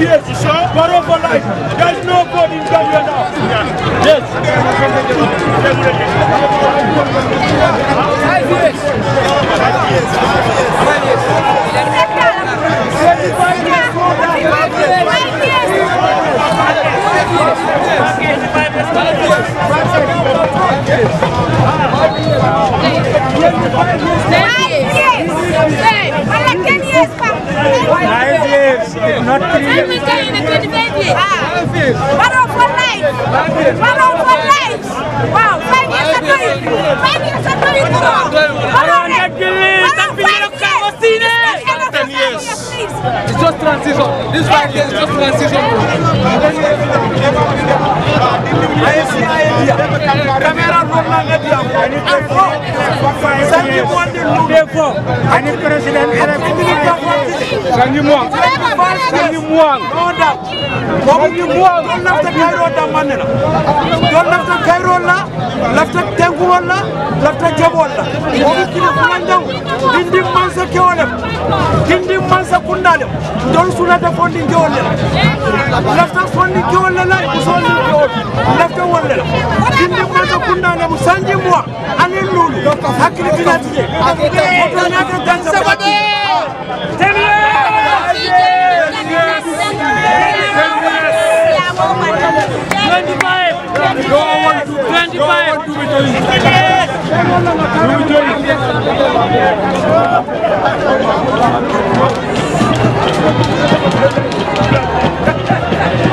years, Barrow for life. There's no God in Gambia now. Yes. Five Five years, years. life. life. Wow, five years Five years years. It's just transition. This five years is just transition. a ye siya ye diya kamera nɔrɔla ŋa diya a fɔ sanji mɔ de lu da sanji mɔ don lafita kairo man ne don lafita kairo la lafita tenkulo la lafita jɛbɔ la o bɛ kiri kuma ɲɛw dindi mansa kɛwɔ lɛ dindi mansa kunda lɛ don sunata la muso lafta wollel yimɓe lulu Thank you.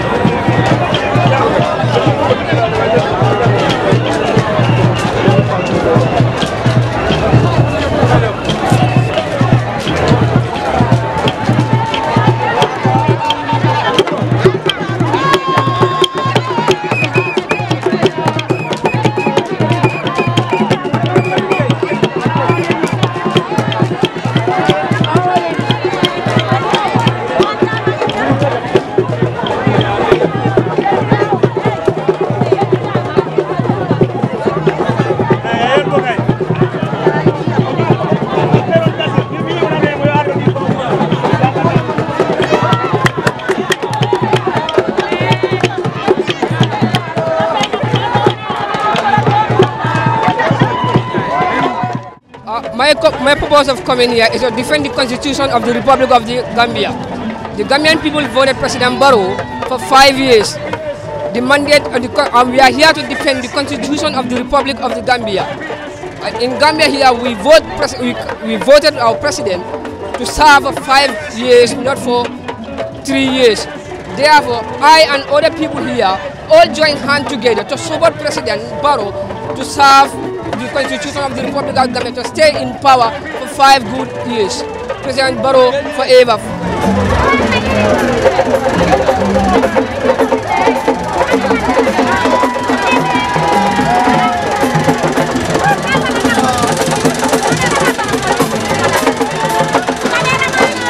My, my purpose of coming here is to defend the constitution of the Republic of the Gambia. The Gambian people voted President Barrow for five years. The mandate of the, we are here to defend the constitution of the Republic of the Gambia. And in Gambia here, we, vote we, we voted our president to serve for five years, not for three years. Therefore, I and other people here all join hands together to support President Barrow to serve the Constitution of the Republic of Ghana to stay in power for five good years. President Barrow forever.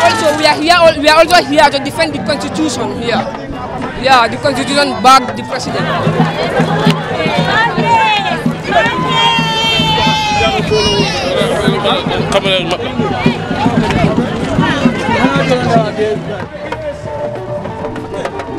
Also, we are here. We are also here to defend the Constitution here. Yeah, the Constitution back the president. kamerel maɓɓe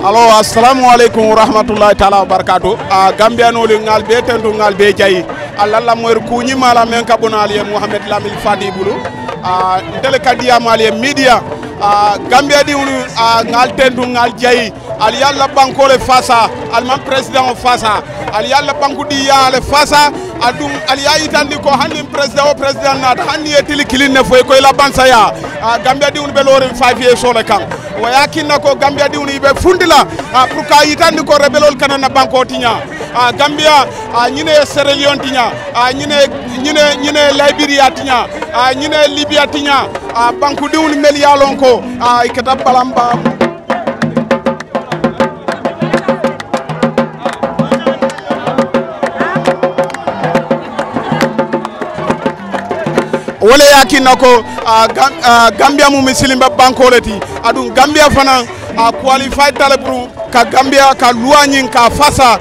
alo assalamualeykum wa rahmatullahi taala wabarakatu a gambianoli ngal be tento ngal be jayi allahllahmoyre kuñimala men kaɓonaliye mouhamed lamil fadi boulou a ntele kadiyamaliye midia a gambia ɗi a ngal tento ngal jayi ali yalla le fasa alman président o fasa ali yalla bankuɗi yaale fasa adum ali yayitandi ko handi président o président naata hanni e tili koy foye bansa ya ah, gambia diwni ɓe lorin fafiye sole kan waya kinna ko gambia diwni ɓe fundila ah, pour ka yitandi ko rebelol kanana banko tiña ah, gambia ñine sierra leone tiña ñine ñine ñine liberia tiña ñine libya tiña banku diwni mel yalon ko ikata balamba wole yakinna ko gambia mu misilimɓe bankole ti aɗum gambia fana qualified tale pour ka gambia ka luwañin ka fasa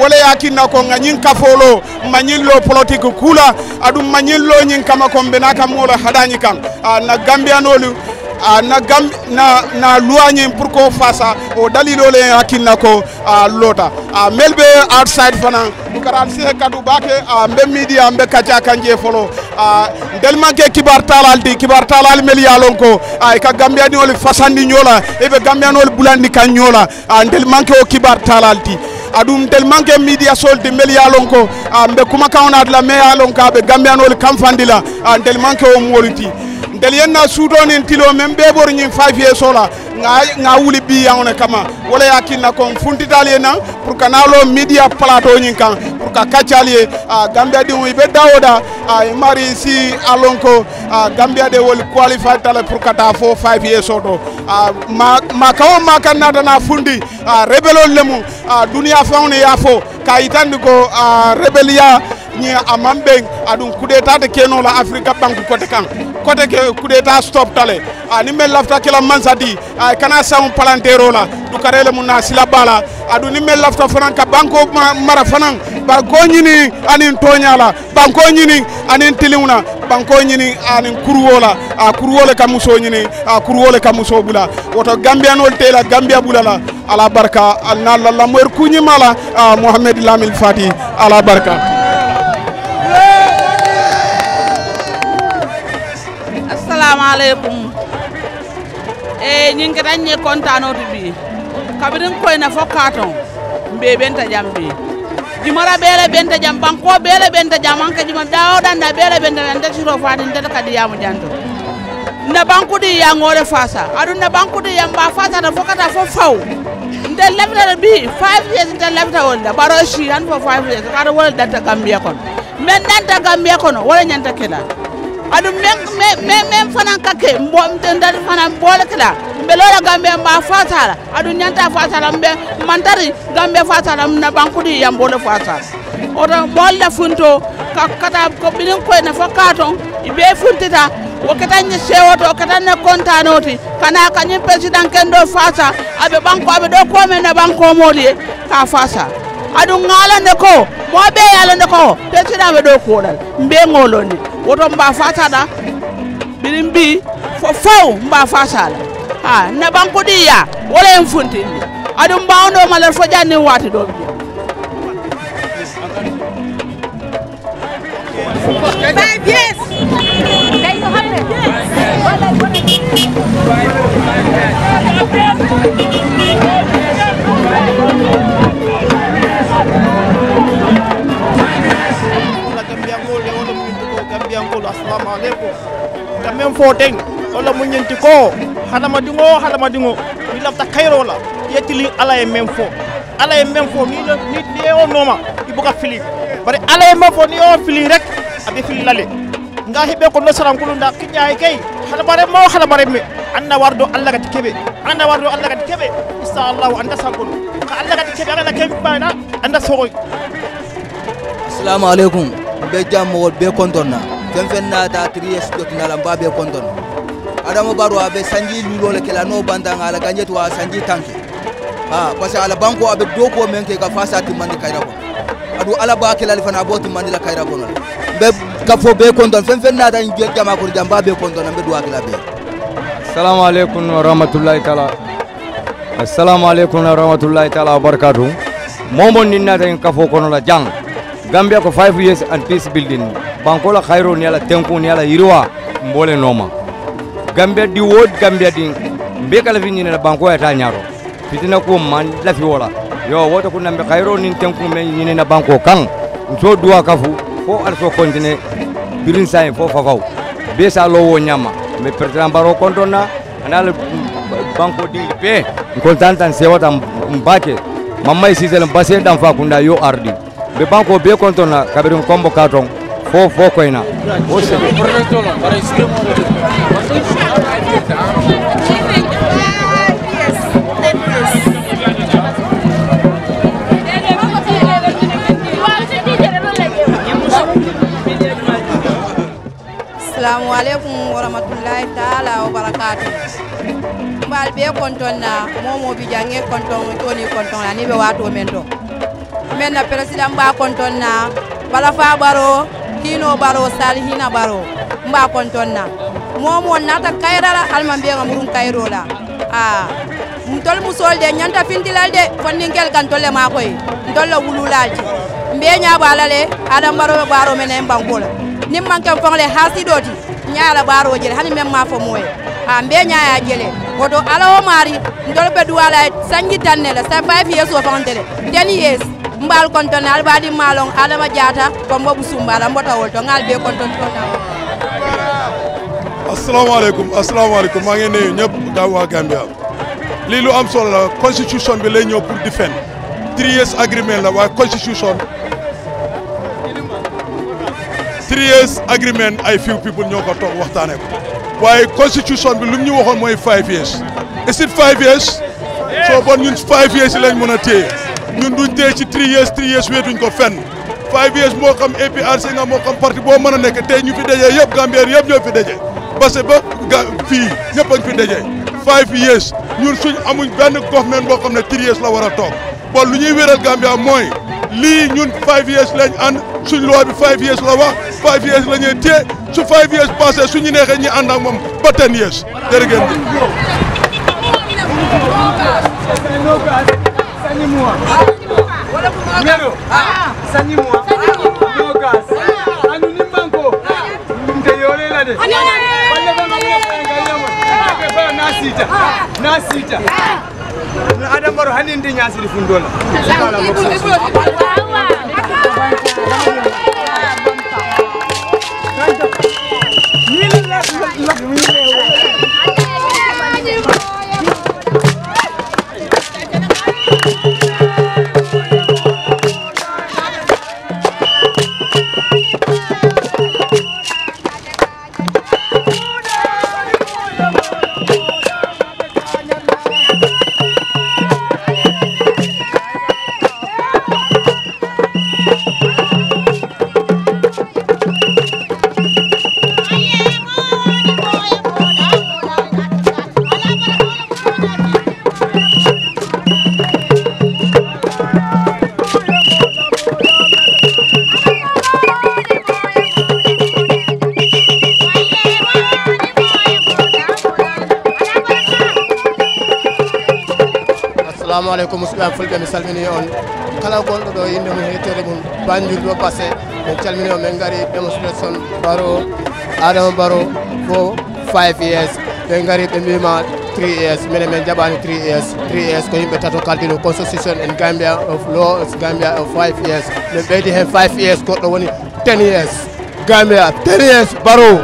wole yakinna ko ka kafolo mañillo politique kuula aɗum ñin kama ko ɓena kam wolo haɗañi kan na nolu uh, na, gam na, na luwa ñin pour ko fasa o dalilo le akina ko uh, lota uh, melbe outside fana bukaral sihe kadu bake uh, mbe media mbe kaca kanje folo uh, ndel manke kibar talal di kibar talal mel yalon ko ay uh, ka gambiyanol fasandi ñola eɓe gambiyanol bulandi kan ñola uh, ndel manke o kibar talal di aɗum tel manque media solde mbel yalon ko mbe kuma kawnade adla me yalon ka ɓe gambiyanol kamfandi la tel manque o moliti ndel yenna suutonin tilo men ni ɓor years fafiye nga ga wuli biyawone kama wala yakinna kon funtitali ye na pour que na média plateau ñin kan pour ka kaccali ye a gambia ɗin ɓe dawoda a mari si alonko a gambia de wol qualify tala pour kata ta five years soto a ma kawo ma kan na fundi a rebelol lemu a duniya fawne ya fo ka yitandi ko a rebellia ñiya amman ɓeng aɗum coup d'état de kenola africa banque côté kan côté ke coup d'état stop tale ani men lafta kila mansadi ay kana samu palantero la du karele mun na sila bala adu ni men lafta fanan ka banko mara fanan banko ñini anin toñala banko ñini anin tiliwna banko ñini ani kurwola a kurwole ka muso ñini a kurwole ka muso bula woto gambianol tela gambia bula la ala barka alna lallamoyer kuñimala mohamed lamil fati ala barka aleykum dañé eh, ñing ke tan ñe contanoto ɓi kabirin koyna fo carton mbé ɓenta jam bi jumara ɓeele benta jam banko ɓeele ɓenta jam anke juma danda ɓeele ɓenta jam tesiro fatin tete kadi yamu janto nde bankuɗi yangore fasa aɗum nde bankuɗi yam mba fasata fokata fo faw nde lebra bi 5 years nde lefta wolde baro si han fo 5 years kaɗa wole danta gambia kono min danta gambia kono wole ñanta kelal aɗum min fanan kakke mten dari fana boole kila mbelola gambe ma adu aɗum ñanta la mbe mantari gambe fatala na bankuɗi yambole ora bol ɓolle funto kata ko ɓinin koyne fo ka ton ɓe funtita wo ketanñe sewo to konta noti kana kanyi président ken ɗo abe aɓe abe aɓe ɗo me na banko e ka fasa aɗum ŋaalande ko mo ɓeeyalande ko tentinaaɓe ɗo kuuɗal mbeŋolondi woto mba fataɗa mbiɗin mbi fow mba fatala ha naɓankoɗiya wala en funtindi aɗum mbawno malal fo ƴanni waati Five ɓiya five you. foten walla muñanti ko hadamadiŋo hadamadiŋo ni ta kayro la yettili ala ye meŋ fo ala ye meŋ fo ni ni yewo nooma i buka fili bari ala ye meŋ fo ni yewo fili rek a be fili la le nga hiɓe ko no sarankulunda kiñaye kay hadamaren mo hadamaren me anna wardo allah gati keɓe anna wardo allah gati keɓe inchallahu anda sankolo ka allah gati keɓe agana keɓe ɓayna anda sogoy assalamu aleykum be jam mowol be kontonna fen fen naata triyes dotinala mbaɓe kondono adama baro aɓe sanji le kela no banda ala gañeti wa sanji tanke ha par ce que ala banko aɓe doko men ke ka fasa timmandi kayra ko adu ala ba le fana abo la kayra be ka fo be kondon fen fen naata jama jamba be mbaɓe be ɓe duwakila be assalamu aleykum wa rahmatullahi taala assalamu aleykum wa rahmatullahi taala wabarakatu momon ka kafo kono la jang gambia ko 5 years and peace building bankola khairo ni ala tenku ni ala yiriwa mbole noma gambia di wod gambia di mbe kala vinyi na banko ya tanyaro fitina ko man la fi wala yo woto kunna mbe khairo ni tenku me ni na banko kan so duwa kafu fo also kontine birin sai fo fafaw be sa lo wo nyama me president baro kontona anal banko di pe kontantan sewata mbake mamma isizele mbase dan fa kunda yo ardi ɓe banko be konton la kaɓe kombo katon ton fo fo koyna assalamu aleykum warahmatullahi taala wa barakatu mbal ɓe konton na momobi jange konton toni konton la ni ɓe wato men to men na président mba konton na balafa baro kino baro salihina baro mba konton na momo nata kayrala alman biya murun la ah mtol musol de nyanta fintilal de fondingel kan tolle ma koy ndolla wululaji mbe nya balale adam baro baro men bangola nim man kan fongle hasidoti nyaala baro jele hani men ma fo moye a ah, mbe nya ya jele wodo ala o mari ndol be duwala sangi tanne la sa 5 years o fonte deni 10 mbal konton al badi malong adama jata sumba busumbala mbota wol to ngal be konton to na assalamu alaikum assalamu alaikum ma ngeen nuyu ñep dawa gambia li lu am solo la constitution bi lay ñew pour defend three years agreement la wa constitution three years agreement ay few people ñoko tok waxtane ko waye constitution bi lu ñu waxon moy 5 years is it 5 years so bon ñun 5 years lañ mëna téye ñun duñ tee ci three years three years weetuñ ko fenn five years moo xam APRC nga moo xam parti boo mën a nekk tey ñu fi dajee yëpp Gambien yëpp ñoo fi daje parce que ba fii ñëpp añ fi dajee five years ñun suñ amuñ benn government boo xam ne three years la war a toog bon lu ñuy wéral Gambia mooy lii ñun five years lañ suñu suñ loi bi five years la wax five years la ñuy su five years passé suñu neexee ñu ànd ak moom ba ten years jërëjëf Sanyimua. Mero. Sanyimua. Mogas. Anu nimbanko. Mteyolela de. Wale baba ngayamo. Akaba nasita. Nasita. Na Adam Baro hani ndi nyasi difundola. Sala moksa. ko musidɓe am fulɓe mi salmini on kala gonɗo ɗo yimɓe mum hettere mum bandiru ɗo passé min calmini o min gari démonstration baro adama baro fo 5 es min gari ɓe mbima 3 es mine min jaɓani 3 es 3 es ko yimɓe tato kaldino constitution en gambia of law of gambia of 5 es min ɓeydi hen 5 es goɗɗo woni 10 es gambia 10 es baro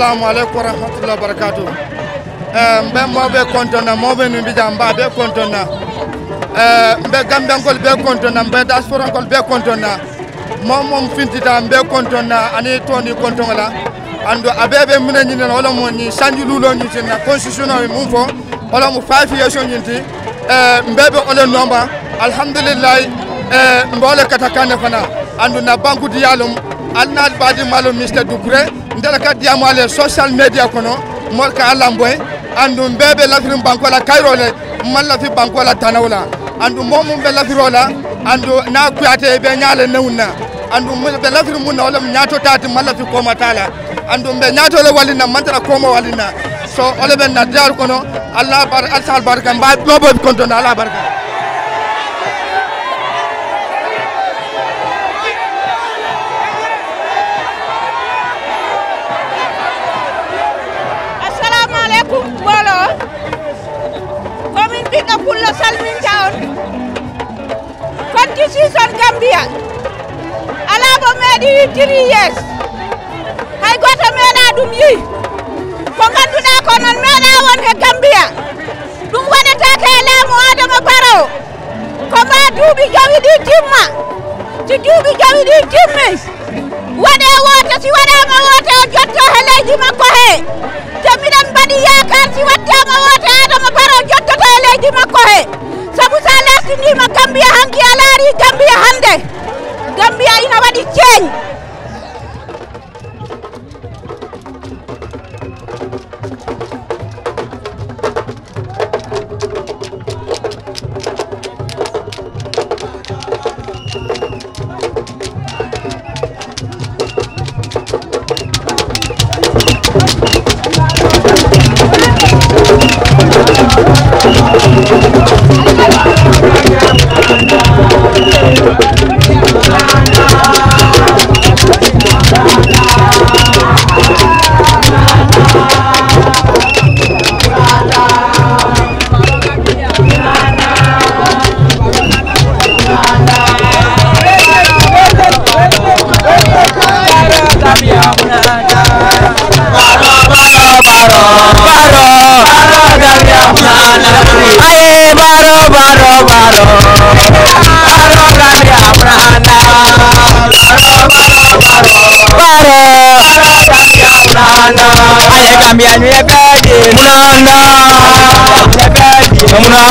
assalamu aleykum wa rahmatullah wa e eh, mbe mawɓe kontonna mawɓe no mbiɗa mba ɓe kontonna e eh, mbe gambiyankol ɓe kontonna mbe dasporankol ɓe kontonna momom fintita mbe kontonna ani toni kontogola andu aɓeɓe muneñinen hola mo ni sanji luloñitinna constitution o mum fo hola mo faafiyeso ñinti e eh, mbeɓe olen nomba alhamdulillahi e mbe ole kata kane fana andu na banque yalum alnaal badi malo mister doucouré ndara ka diyamo ala social media kono mol ka alla boy andum bee be lafirin banko la kayro le man lafi banko la tanaw la andu moo mum be lafiro la andu na kuyate be ñaale newun na andu be lafiri mun na wolem ñaato taati man lafi koomata la andu be ñaato le wallinna man tara koomo walina so ole ɓen na diyar kono allah bar alsal barka mba ɗoɓoɓe kontona ala barka heɓiɗo salminta on constitution gambia ala mo meeɗi yiddiri yes hay goto meeɗa ɗum yi ko ganduɗa ko noon meeɗa wonde gambia ɗum waɗetake e laamu adama baro ko ma duuɓi jawi ɗi timma so duuɓi jawi ɗi timmi waɗe woto si waɗama woto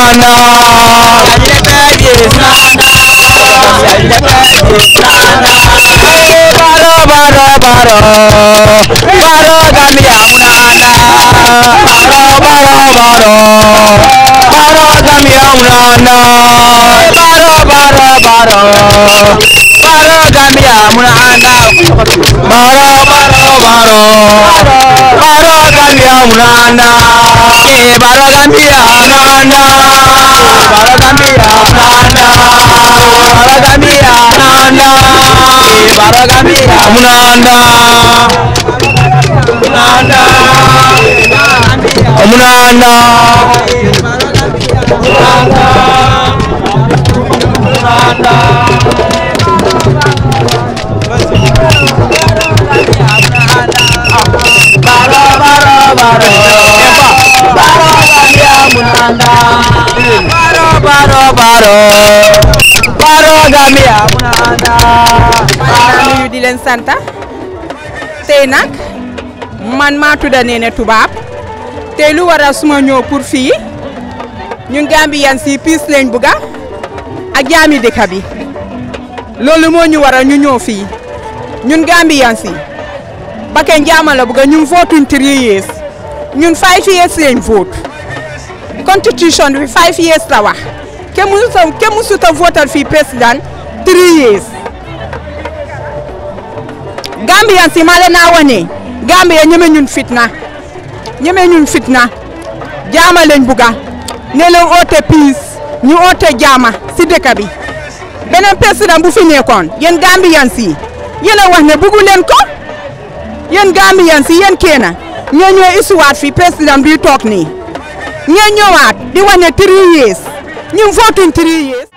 sana yallabage sana yallabage baro baro baro baro gami aunada baro baro baro baro gami aunada baro baro baro baro gami aunada baro baro baro baro gambia unana e bara gambia nana nana nana leen santa tey nag man maa tudda Néné Toubab tey lu waral suma ñëw pour fii ñun Gambian si piis lañ bugga ak jaami dëkk bi loolu moo ñu wara ñu ñëw fii ñun Gambian si Bakeng Jammeh la bugga ñun votuñ three years ñun five years lañ vote constitution five years la wax kenn mësu ta kenn votal fii président three years Gambian si ma leen naa wane Gambia ñeme ñun fitna ñeme ñun fitna jaama leen buga ne leen oote peace ñu oote jaama si dëkk bi beneen président bu fi nekkoon yéen Gambian si yéen a wax ne buggu leen ko yéen Gambian si yéen keena ñoo isuwaat fi président bi toog nii ñoo di wax ne three years ñu votuñ three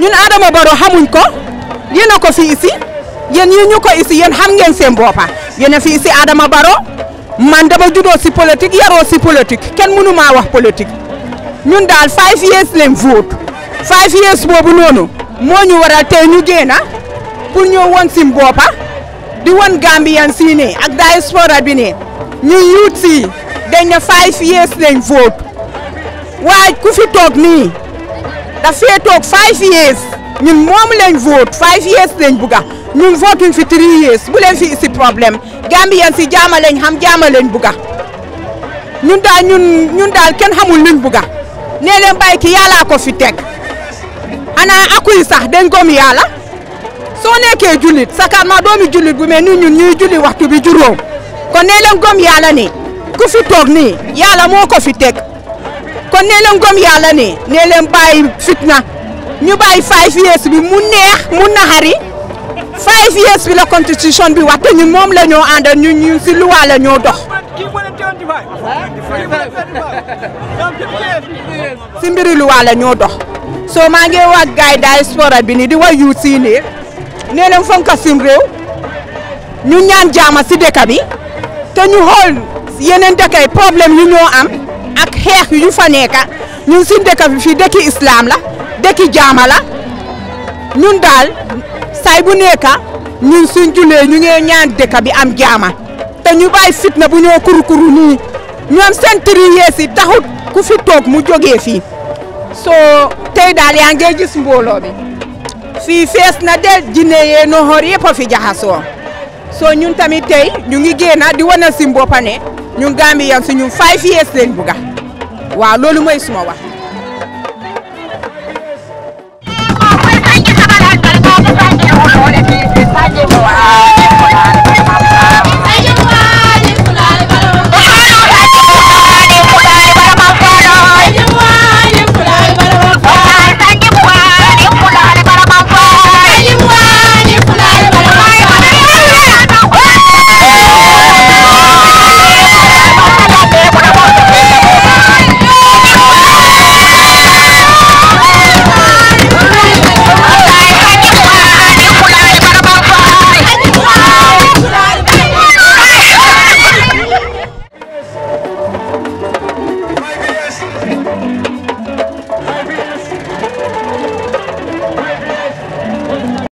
ñun Adama Barrow xamuñ ko yéen a ko fi isi yéen yi ñu ko isi yéen xam ngeen seen boppa yéen a fi isi Adama Barrow man dama juddoo si politique yaroo si politique kenn mënu maa wax politique ñun daal five years leen vote five years boobu noonu moo ñu waral tey ñu génn pour ñoo won sim boppa di won Gambian sii ne ak diaspora bi ne ñu yuut si dañ ne five years leen vote waaj ku fi toog nii daf fee toog five years ñun moom lañ vote five years lañ bugga ñun votuñ fi three years bu leen fi si problème Gambien si jaama lañ xam jaama lañ bugga ñun daal kenn xamul luñ bugga nee leen bàyyi ki yàllaa fi teg xanaa akuy sax dañ gom yàlla soo nekkee jullit sakar ma doomi jullit bu mel ni ñun ñuy julli waxtu bi juróom kon nee gom yàlla ni ku fi toog nii yàlla moo ko fi teg kon gom yàlla ne nee leen fitna ñu bàyyi five years bi mu neex mu naxari five years bi la constitution bi wax te ñun moom la ñoo àndal ñun ñun si luwaa ñoo dox si mbiri luwaa ñoo dox soo maa ngi wax gaay diaspora bi ni di wax yuut sii nee fonka suñu réew ñu ñaan jaama si dëkk bi te ñu xool yeneen dëkk yi problème ñoo am ak xeex yu fa nekk ñun suñ dëkk bi fii dëkki islam la dëkki jaama la ñun daal say bu nekk ñun suñ julee ñu ngee ñaan bi am jaama te ñu bàyyi fitna bu ñoo kurukuru nii ñoom seen tri yeesi taxut ku fi mu jógee fi soo tey daal yaa ngi gis mbooloo bi fii fees na del jinne yee noxoor yëpp a fi jaxasoo soo ñun tamit tey ñu ngi génn di wane si mboppa ne ñun Gambien suñu five years leen buga waaw loolu mooy suma wax.